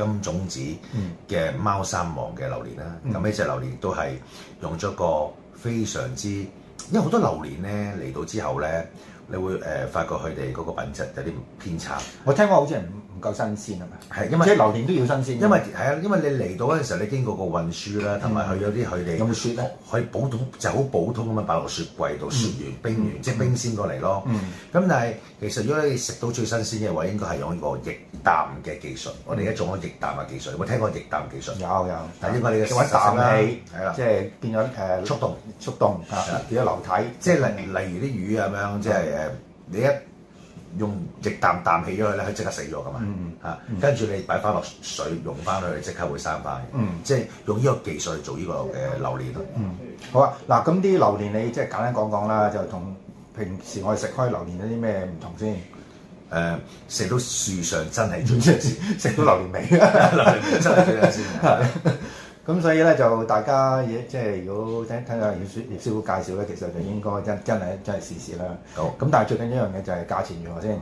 金、嗯、種子嘅貓山王嘅榴蓮啦，咁呢、嗯、隻榴蓮都係用咗一個非常之，因為好多榴蓮咧嚟到之後咧，你會誒、呃、發覺佢哋嗰個品質有啲偏差。我聽講好似唔唔夠新鮮啊嘛，因為即係榴蓮都要新鮮。因為係啊，因為你嚟到嗰陣時候，你經過個運輸啦，同埋佢有啲佢哋用雪咧，可以普通就好普通咁樣擺落雪櫃度，雪完、嗯、冰完、嗯、即係冰鮮過嚟咯。咁、嗯、但係其實如果你食到最新鮮嘅話，應該係用呢個液淡嘅技術，我哋而家做緊液氮嘅技術。有冇聽過液氮技術？有有。嗱，因為你嘅氮氣，係啦，即係變咗誒速凍，速凍，變咗流體。即係例例如啲魚咁樣，即係誒你一用液氮氮氣咗佢咧，佢即刻死咗噶嘛。嚇，跟住你擺翻落水溶翻佢，即刻會生翻。即係用呢個技術做呢個嘅榴蓮咯。好啊。嗱，咁啲榴蓮你即係簡單講講啦，就同平時我哋食開榴蓮有啲咩唔同先？誒食、呃、到樹上真係，食 到榴蓮味，榴蓮真係最靚。咁所以咧就大家嘢即係如果聽聽下葉師葉師傅介紹咧，其實就應該真真係真係試試啦。好。咁但係最緊要一樣嘢就係價錢如何先。誒、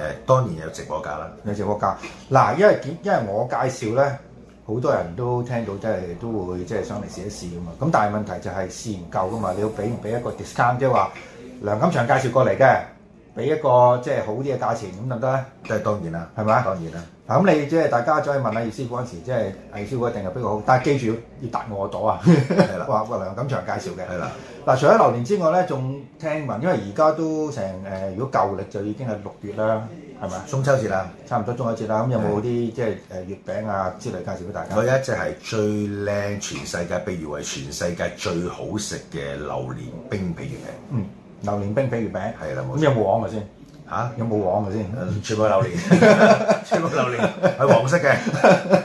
欸，當然有直播價啦，有直播價。嗱，因為因為我介紹咧，好多人都聽到即係都會即係想嚟試一試噶嘛。咁但係問題就係試唔夠噶嘛，你要俾唔俾一個 discount，即係話梁錦祥介紹過嚟嘅。俾一個即係好啲嘅價錢咁得唔得咧？即係當然啦，係咪吧？當然啦。嗱咁你即係大家再問下易師傅嗰陣時即，即係易師傅一定係比較好。但係記住要，要達我個度啊！係 啦的，哇哇！梁錦祥介紹嘅。係啦的。嗱，除咗榴槤之外咧，仲聽聞，因為而家都成誒、呃，如果舊歷就已經係六月啦，係咪？中秋節啦，差唔多中秋節啦。咁的有冇啲即係誒月餅啊之類介紹俾大家？佢一隻係最靚全世界，被譽為全世界最好食嘅榴槤冰皮月餅。嗯。榴蓮冰皮月餅係啦，咁有冇黃嘅先？吓，有冇黃嘅先？全部榴蓮，全部榴蓮，係黃色嘅。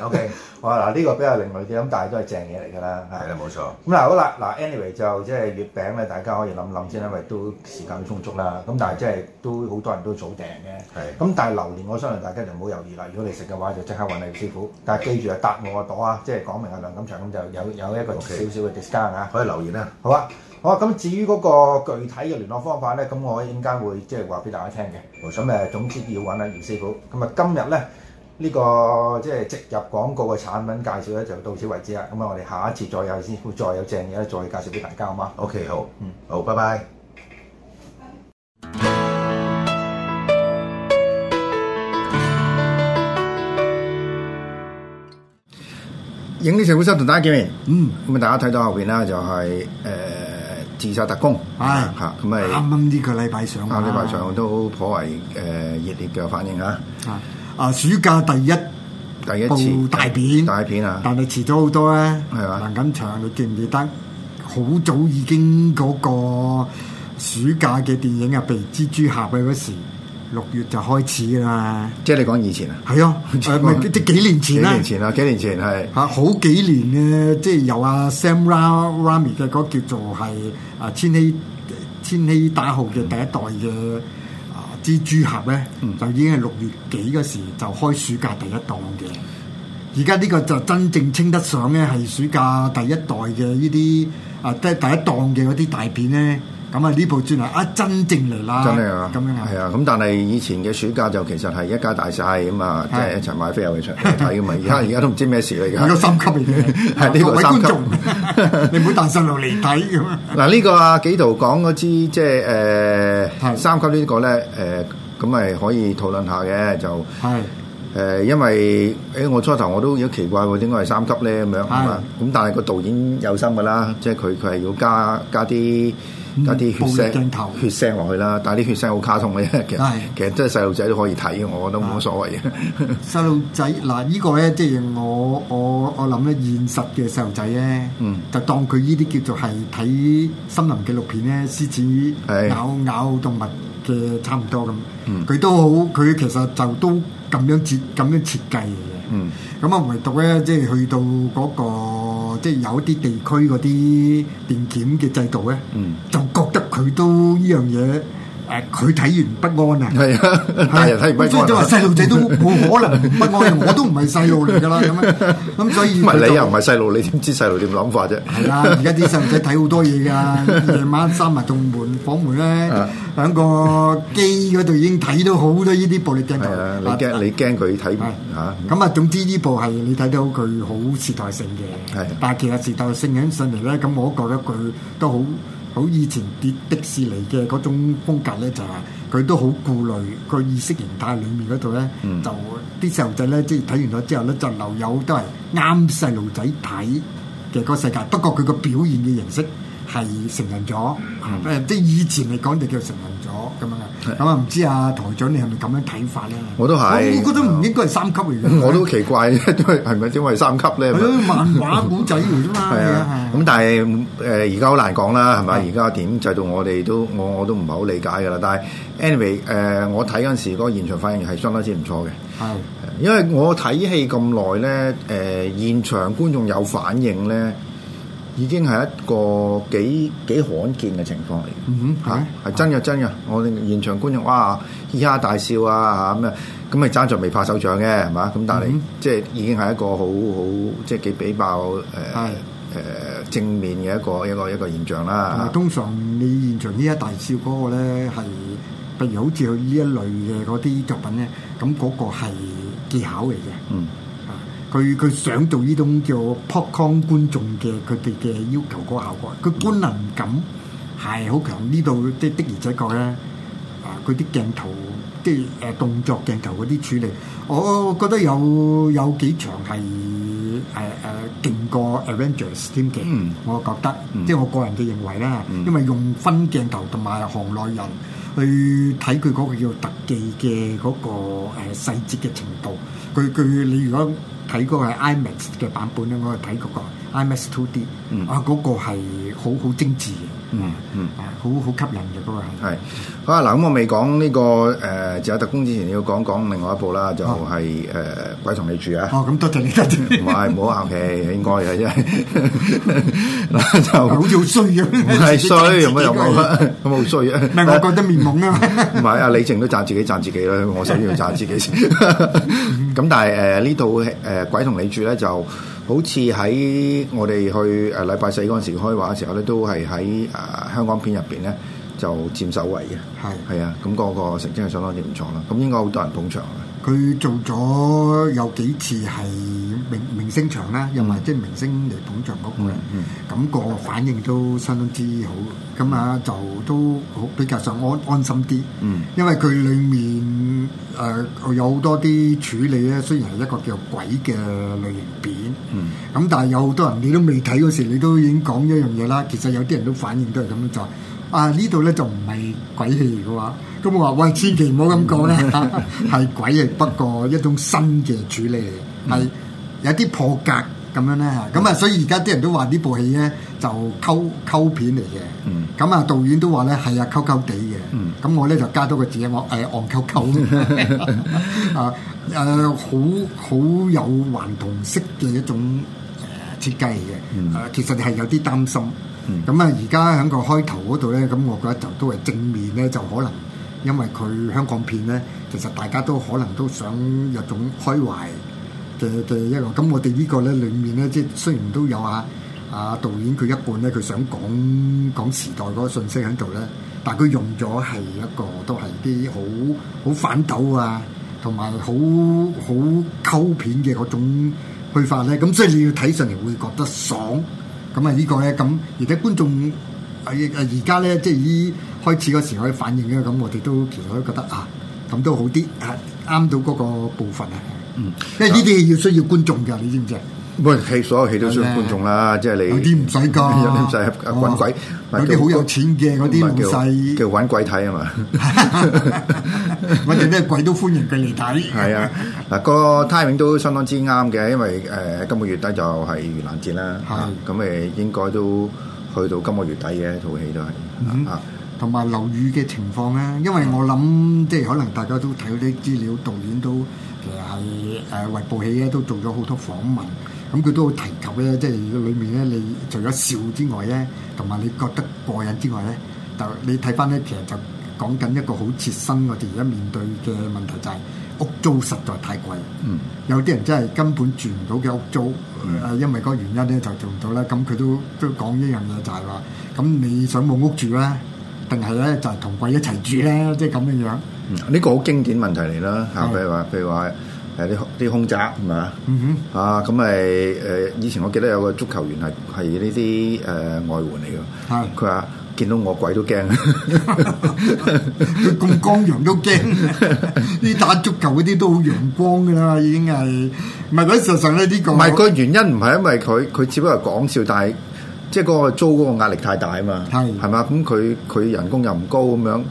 OK，哇嗱，呢個比較另類啲，咁但係都係正嘢嚟㗎啦。係啦，冇錯。咁嗱，好啦，嗱，anyway 就即係月餅咧，大家可以諗諗先，因為都時間充足啦。咁但係即係都好多人都早訂嘅。係。咁但係榴蓮，我相信大家就唔好猶豫啦。如果你食嘅話，就即刻揾你師傅。但係記住啊，搭我個朵啊，即係講明阿梁錦祥咁就有有一個少少嘅 discount 啊。可以留言啊，好啊。好，咁至於嗰個具體嘅聯絡方法咧，咁我陣間會即係話俾大家聽嘅。咁誒，總之要揾阿姚師傅。咁啊，今日咧呢個即係植入廣告嘅產品介紹咧，就到此為止啦。咁啊，我哋下一次再有先，會再有正嘢再介紹俾大家，好嗎？OK，好，嗯，好，拜拜。影碟情報室同大家見面。嗯，咁啊，大家睇到後邊啦，就係誒。自殺特攻，係嚇咁係啱啱呢個禮拜上、啊，個禮拜上都頗為誒熱烈嘅反應啊！啊暑假第一第一次部大片、呃，大片啊！但係遲咗好多咧、啊，梁錦祥，你記唔記得？好早已經嗰個暑假嘅電影啊，被蜘蛛俠嗰時。六月就開始噶啦，即係你講以前啊，係啊，唔係即係幾、啊、幾年前啊，幾年前啊，幾年前係嚇好幾年嘅，啊，即係由阿、啊、Sam Raimi 嘅嗰個叫做係啊千禧千禧打號嘅第一代嘅啊蜘蛛俠咧，嗯、就已經係六月幾嗰時就開暑假第一檔嘅。而家呢個就真正稱得上咧係暑假第一代嘅呢啲啊即係第一檔嘅嗰啲大片咧。咁啊！呢部專係真正嚟啦，真係啊，咁樣啊，係啊！咁但係以前嘅暑假就其實係一家大細咁啊，即係一齊買飛去出嚟睇咁啊！而家而家都唔知咩事啦，而家係呢個三級嚟嘅，係呢個三級，你唔好帶細路嚟睇咁。嗱，呢個啊紀陶講嗰支即係誒三級呢個咧誒，咁咪可以討論下嘅就係誒，因為誒我初頭我都好奇怪喎，點解係三級咧咁樣係嘛？咁但係個導演有心㗎啦，即係佢佢係要加加啲。加啲血腥血腥落去啦，但係啲血腥好卡通嘅，其實的其實真係細路仔都可以睇嘅，我覺得冇乜所謂嘅。細路仔嗱，呢、這個咧即係我我我諗咧，現實嘅細路仔咧，嗯、就當佢呢啲叫做係睇森林紀錄片咧，獅子的咬咬動物嘅差唔多咁，佢、嗯、都好，佢其實就都咁樣設咁樣設計嘅。嗯，咁啊，唯獨咧即係去到嗰、那個。即係有啲地區嗰啲電檢嘅制度咧，嗯、就覺得佢都依樣嘢。誒佢睇完不安啊！係啊，大人睇完不安。所以你話細路仔都冇可能不安，我都唔係細路嚟㗎啦。咁咁所以唔係你又唔係細路，你點知細路點諗法啫？係啦，而家啲細路仔睇好多嘢㗎，夜晚閂埋棟門、房門咧，響個機嗰度已經睇到好多呢啲暴力鏡頭。係啊，你驚你驚佢睇唔嚇？咁啊，總之呢部係你睇到佢好時代性嘅。係，但係其實時代性響上嚟咧，咁我都覺得佢都好。好，以前迪迪士尼嘅嗰種風格咧，就係、是、佢都好顧慮個意識形態裏面嗰度咧，嗯、就啲細路仔咧，即係睇完咗之後咧，就留有都係啱細路仔睇嘅嗰個世界。不過佢個表現嘅形式。係成人咗，誒即係以前嚟講就叫成人咗咁樣嘅，咁啊唔知啊台長你係咪咁樣睇法咧？我都係、呃，我覺得唔應該係三級嚟嘅。我都奇怪，都係係咪點解三級咧？誒，漫畫古仔嚟啫嘛。係啊，咁但係誒而家好難講啦，係咪？而家電影制度我哋都我我都唔係好理解嘅啦。但係 anyway 誒，我睇嗰陣時嗰個現場反應係相當之唔錯嘅。係的，因為我睇戲咁耐咧，誒、呃、現場觀眾有反應咧。已經係一個幾幾罕見嘅情況嚟嘅，嚇係、mm hmm. 啊、真嘅真嘅。啊、我哋現場觀眾哇，嘻哈大笑啊嚇咩？咁、啊、咪爭在未拍手掌嘅係嘛？咁但係、mm hmm. 即係已經係一個好好即係幾比爆誒誒、呃 mm hmm. 呃、正面嘅一個一個一個,一個現象啦。通常你現場嘻哈大笑嗰個咧係，譬如好似佢呢一類嘅嗰啲作品咧，咁嗰個係技巧嚟嘅。Mm hmm. 佢佢想做呢種叫 popcorn 觀眾嘅佢哋嘅要求嗰個效果，佢觀能感係好強。呢度即係的而且確咧，啊佢啲鏡頭即係誒動作鏡頭嗰啲處理，我覺得有有幾場係誒誒勁過 Avengers 添嘅。嗯、我覺得，嗯、即係我個人嘅認為啦，嗯、因為用分鏡頭同埋行內人去睇佢嗰個叫特技嘅嗰個誒細節嘅程度，佢佢你如果，睇過個係 IMAX 嘅版本咧，我係睇過。IMAX Two D，啊嗰個係好好精緻嘅，嗯嗯，好好吸引嘅嗰個係。好，啊嗱，咁我未講呢個誒，就係特攻之前要講講另外一部啦，就係誒《鬼同你住》啊。哦，咁多謝你先。唔係，唔好客氣，應該嘅啫。就好似好衰啊！唔係衰，又乜又乜咁好衰啊！唔係，我覺得面懵啊。唔係，阿李靜都贊自己贊自己啦，我首先要贊自己先。咁但係誒呢套誒《鬼同你住》咧就。好似喺我哋去誒禮拜四嗰陣時開畫嘅時候咧，都係喺誒香港片入邊咧就佔首位嘅。係係啊，咁、那個個成績係相當之唔錯啦。咁應該好多人捧場嘅。佢做咗有幾次係明明星場啦，又唔係即係明星嚟捧場嗰種咧。咁、嗯嗯、個反應都相當之好，咁啊就都好比較上安安心啲。嗯，因為佢裏面。誒、呃、有好多啲處理咧，雖然係一個叫鬼嘅類型片，咁、嗯、但係有好多人，你都未睇嗰時，你都已經講咗一樣嘢啦。其實有啲人都反應都係咁樣做，啊呢度咧就唔係鬼戲嘅話，咁、啊、我話喂，千祈唔好咁講啦，係、嗯、 鬼嚟，不過一種新嘅處理嚟，係、嗯、有啲破格。咁樣咧嚇，咁啊，mm. 所以而家啲人都話呢部戲咧就溝溝片嚟嘅。咁啊，導演都話咧係啊，溝溝地嘅。咁、mm. 我咧就加多個字、嗯嗯、溝溝 啊，我誒戇溝溝啊誒，好好有頑童式嘅一種設計嘅。誒，mm. 其實你係有啲擔心。咁啊，而家喺個開頭嗰度咧，咁我覺得就都係正面咧，就可能因為佢香港片咧，其實大家都可能都想有種開懷。嘅嘅一個咁，我哋呢個咧裏面咧，即係雖然都有啊啊導演佢一半咧，佢想講講時代嗰個信息喺度咧，但係佢用咗係一個都係啲好好反斗啊，同埋好好溝片嘅嗰種去法咧。咁所以你要睇上嚟會覺得爽。咁啊呢個咧，咁而家觀眾啊啊而家咧，即係已開始嗰時可以反應咧，咁我哋都其實都覺得啊，咁都好啲啊，啱到嗰個部分啊。嗯，因為呢啲要需要觀眾㗎，你知唔知啊？唔係戲，所有戲都需要觀眾啦，即係你有啲唔使㗎，有啲唔使揾鬼，有啲好有錢嘅嗰啲唔使叫揾鬼睇係嘛？我哋咩鬼都歡迎佢嚟睇。係啊，嗱個 timing 都相當之啱嘅，因為誒今個月底就係盂蘭節啦，係咁誒應該都去到今個月底嘅一套戲都係啊。同埋樓宇嘅情況咧，因為我諗即係可能大家都睇到啲資料，導演都其實係誒、呃、為部戲咧都做咗好多訪問，咁、嗯、佢都提及咧，即係裏面咧，你除咗笑之外咧，同埋你覺得過癮之外咧，但你睇翻咧，其實就講緊一個好切身我哋而家面對嘅問題就係、是、屋租實在太貴，嗯，有啲人真係根本住唔到嘅屋租，誒、嗯，因為嗰個原因咧就做唔到啦，咁佢都都講一樣嘢就係、是、話，咁你想冇屋住咧？定係咧就係同鬼一齊住咧，即係咁嘅樣。呢個好經典問題嚟啦嚇，譬如話，譬如話係啲啲空宅係咪啊？嗯哼，啊咁咪誒以前我記得有個足球員係係呢啲誒外援嚟㗎。係，佢話見到我鬼都驚，佢咁光陽都驚。啲打足球嗰啲都好陽光㗎啦，已經係。唔係，嗰事實上咧呢個唔係個原因，唔係因為佢佢只不過係講笑，但係。即係嗰個租嗰個壓力太大啊嘛，係嘛，咁佢佢人工又唔高咁樣，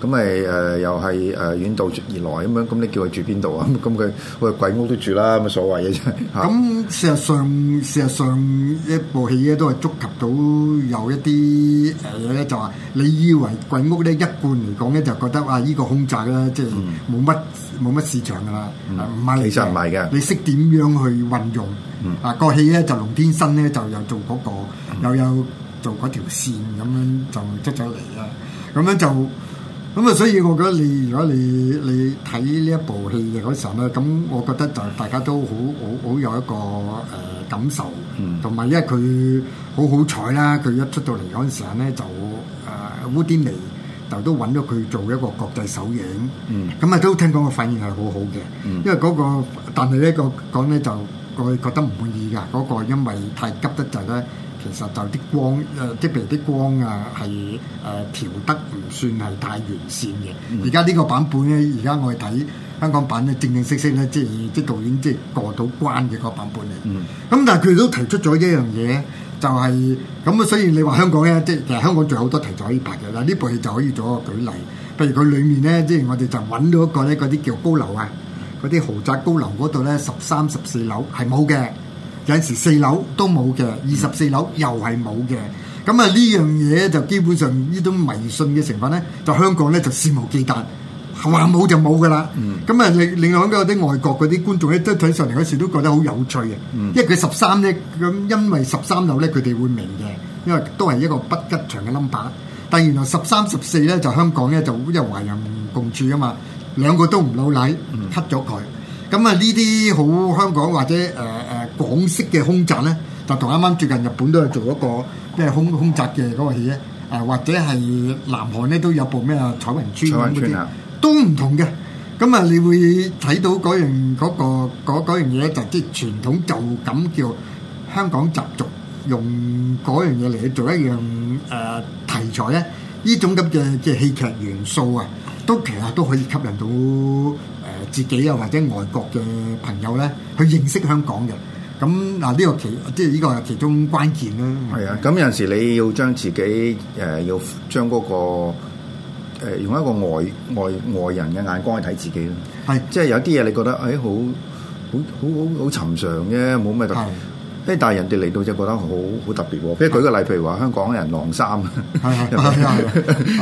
咁咪誒又係誒遠道而來咁樣，咁你叫佢住邊度啊？咁佢喂鬼屋都住啦，咁所謂嘅啫。咁事實上，事實上一部戲咧都係觸及到有一啲誒嘢咧，就話你以為鬼屋咧一般嚟講咧就覺得話呢個空宅咧即係冇乜冇乜市場㗎啦，唔係？其實唔係嘅，你識點樣去運用啊，個戲咧就龍天生咧就又做嗰個。又有做嗰條線咁樣就出咗嚟啊！咁樣就咁啊，所以我覺得你如果你你睇呢一部戲嘅嗰時候咧，咁我覺得就大家都好好好有一個誒、呃、感受，同埋、嗯、因為佢好好彩啦，佢一出到嚟嗰陣時啊咧就誒、呃、烏甸尼就都揾咗佢做一個國際首映，嗯，咁啊都聽講個反應係好好嘅，嗯、因為嗰、嗰個但係呢個講咧就我覺得唔滿意㗎，嗰、嗰個因為太急得滯咧。其實就啲光誒，即係譬如啲光啊，係誒、呃、調得唔算係太完善嘅。而家呢個版本咧，而家我哋睇香港版咧，正正式式咧，即係即係導演即係過到關嘅個版本嚟。咁、嗯、但係佢哋都提出咗一樣嘢，就係咁啊。所以你話香港咧，即係其實香港仲有好多題材可以拍嘅。嗱，呢部戲就可以做一個舉例。譬如佢裡面咧，即、就、係、是、我哋就揾到一個咧，嗰啲叫高樓啊，嗰啲豪宅高樓嗰度咧，十三十四樓係冇嘅。有陣時四樓都冇嘅，二十四樓又係冇嘅。咁啊，呢樣嘢就基本上呢種迷信嘅成分咧，就香港咧就肆無忌憚，話冇就冇噶啦。咁啊另另外嗰啲外國嗰啲觀眾咧都睇上嚟嗰時都覺得好有趣啊、嗯。因為佢十三咧咁，因為十三樓咧佢哋會明嘅，因為都係一個不吉祥嘅 number。但係原來十三十四咧就香港咧就因為華人共處啊嘛，兩個都唔老禮，cut 咗佢。咁啊呢啲好香港或者誒、呃港式嘅空宅呢，就同啱啱最近日本都係做一個咩空空宅嘅嗰個戲咧、呃，或者係南韓咧都有部咩《彩雲村》嗰啲，都唔同嘅。咁、嗯、啊，你會睇到嗰樣嗰、那個嗰嗰樣嘢咧，就即傳統就咁叫香港習俗，用嗰樣嘢嚟去做一樣誒、呃、題材咧，呢種咁嘅即係戲劇元素啊，都其實都可以吸引到誒、呃、自己啊或者外國嘅朋友呢，去認識香港嘅。咁嗱呢個其即係呢個係其中關鍵啦。係啊，咁有陣時你要將自己誒、呃、要將嗰、那個、呃、用一個外外外人嘅眼光去睇自己啦。係、啊，即係有啲嘢你覺得誒、哎、好好好好好尋常嘅，冇咩特別。誒、啊，但係人哋嚟到就覺得好好特別。即係舉個例，譬如話香港人晾衫，係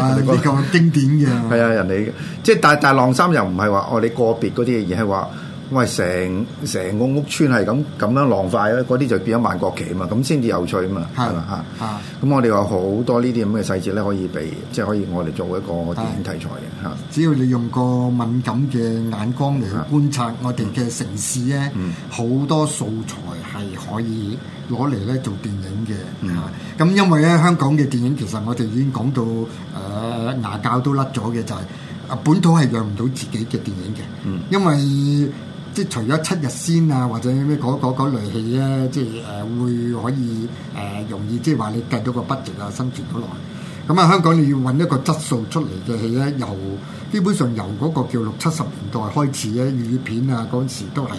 啊，你咁經典嘅。係 啊，人哋即係但係但係晾衫又唔係話哦，你個別啲嘢，而係話。喂，成成個屋村係咁咁樣浪費咧，嗰啲就變咗萬國旗嘛，咁先至有趣嘛，係嘛嚇？咁吧是我哋有好多呢啲咁嘅細節咧，可以俾即係可以我哋做一個電影題材嘅嚇。是是只要你用個敏感嘅眼光嚟去觀察是我哋嘅城市咧，好、嗯、多素材係可以攞嚟咧做電影嘅嚇。咁、嗯嗯啊、因為咧香港嘅電影其實我哋已經講到誒、呃、牙骹都甩咗嘅，就係、是、啊本土係養唔到自己嘅電影嘅、嗯，因為。即係除咗七日先啊，或者咩嗰嗰嗰類戲咧、啊，即係誒會可以誒、呃、容易，即係話你計到個 budget 啊，生存到耐。咁啊，香港你要搵一個質素出嚟嘅戲咧、啊，由基本上由嗰個叫六七十年代開始咧，粵語片啊，嗰陣時都係。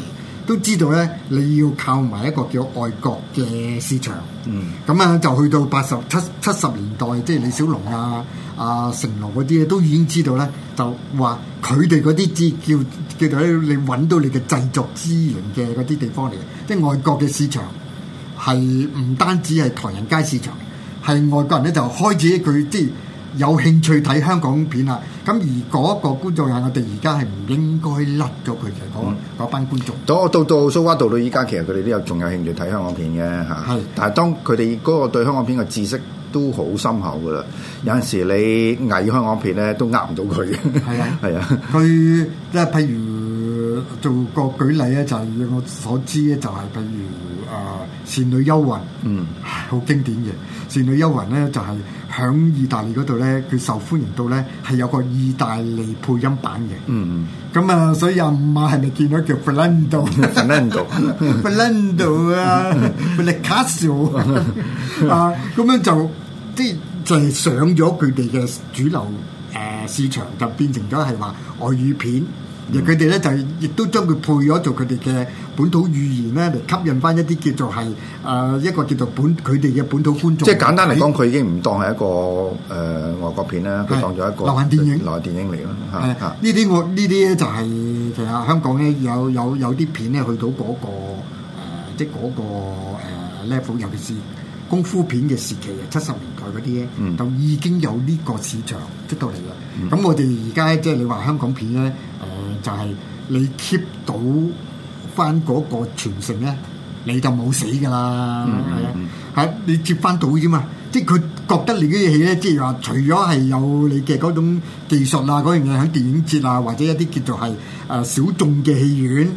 都知道咧，你要靠埋一個叫外國嘅市場。嗯，咁啊就去到八十七七十年代，即係李小龍啊、啊成龍嗰啲咧，都已經知道咧，就話佢哋嗰啲叫叫做你揾到你嘅製作資源嘅嗰啲地方嚟，即係外國嘅市場係唔單止係唐人街市場，係外國人咧就開始佢啲。有興趣睇香港片呀，咁而嗰一個觀眾眼，我哋而家係唔應該甩咗佢嘅嗰嗰班觀眾。到到到蘇花道到而家其實佢哋都有仲有興趣睇香港片嘅嚇。的但係當佢哋嗰個對香港片嘅知識都好深厚㗎喇，有陣時你偽香港片咧都呃唔到佢嘅。係啊的，係啊 的，佢即係譬如做個舉例咧，就以、是、我所知咧，就係、是、譬如。啊！倩女幽魂，嗯、mm. 哎，好經典嘅。倩女幽魂咧就係、是、響意大利嗰度咧，佢受歡迎到咧係有個意大利配音版嘅。嗯，咁啊，所以阿五馬係咪見到叫 Flendo？Flendo，Flendo 啊，Blake Shaw 啊，咁樣就即係就係上咗佢哋嘅主流誒市場，就變成咗係話外語片。佢哋咧就亦都將佢配咗做佢哋嘅本土語言咧，嚟吸引翻一啲叫做係啊、呃、一個叫做本佢哋嘅本土觀眾。即係簡單嚟講，佢這已經唔當係一個誒、呃、外國片啦，佢當咗一個流行電影，流行電影嚟啦嚇。係啊，呢啲我呢啲咧就係、是、其實香港咧有有有啲片咧去到嗰、那個、呃、即係嗰、那個 level、呃、尤其是。功夫片嘅時期啊，七十年代嗰啲，嗯、就已經有呢個市場出到嚟啦。咁、嗯、我哋而家即係你話香港片咧，誒、呃、就係、係、你 keep 到翻嗰個傳承咧，你就冇死㗎啦，係、嗯嗯、你接翻到啫嘛。即係佢覺得你啲戲咧，即係話除咗係有你嘅嗰種技術啊嗰樣嘢喺電影節啊，或者一啲叫做係誒小眾嘅戲院。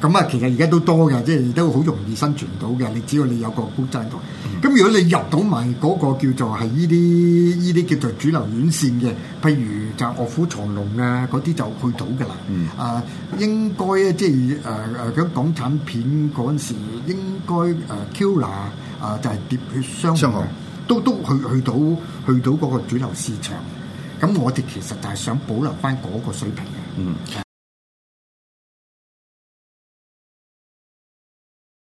咁啊，其實而家都多嘅，即係都好容易生存到嘅。你只要你有個高值在，咁、嗯、如果你入到埋嗰個叫做係呢啲呢啲叫做主流院線嘅，譬如就臥虎藏龍啊嗰啲就去到嘅啦。嗯、啊，應該咧即係誒誒，講、呃、港產片嗰陣時，應該誒《蠍、呃、乸》啊、呃、就係、是、喋血雙雄業，都都去去到去到嗰個主流市場。咁我哋其實就係想保留翻嗰個水平嘅。嗯。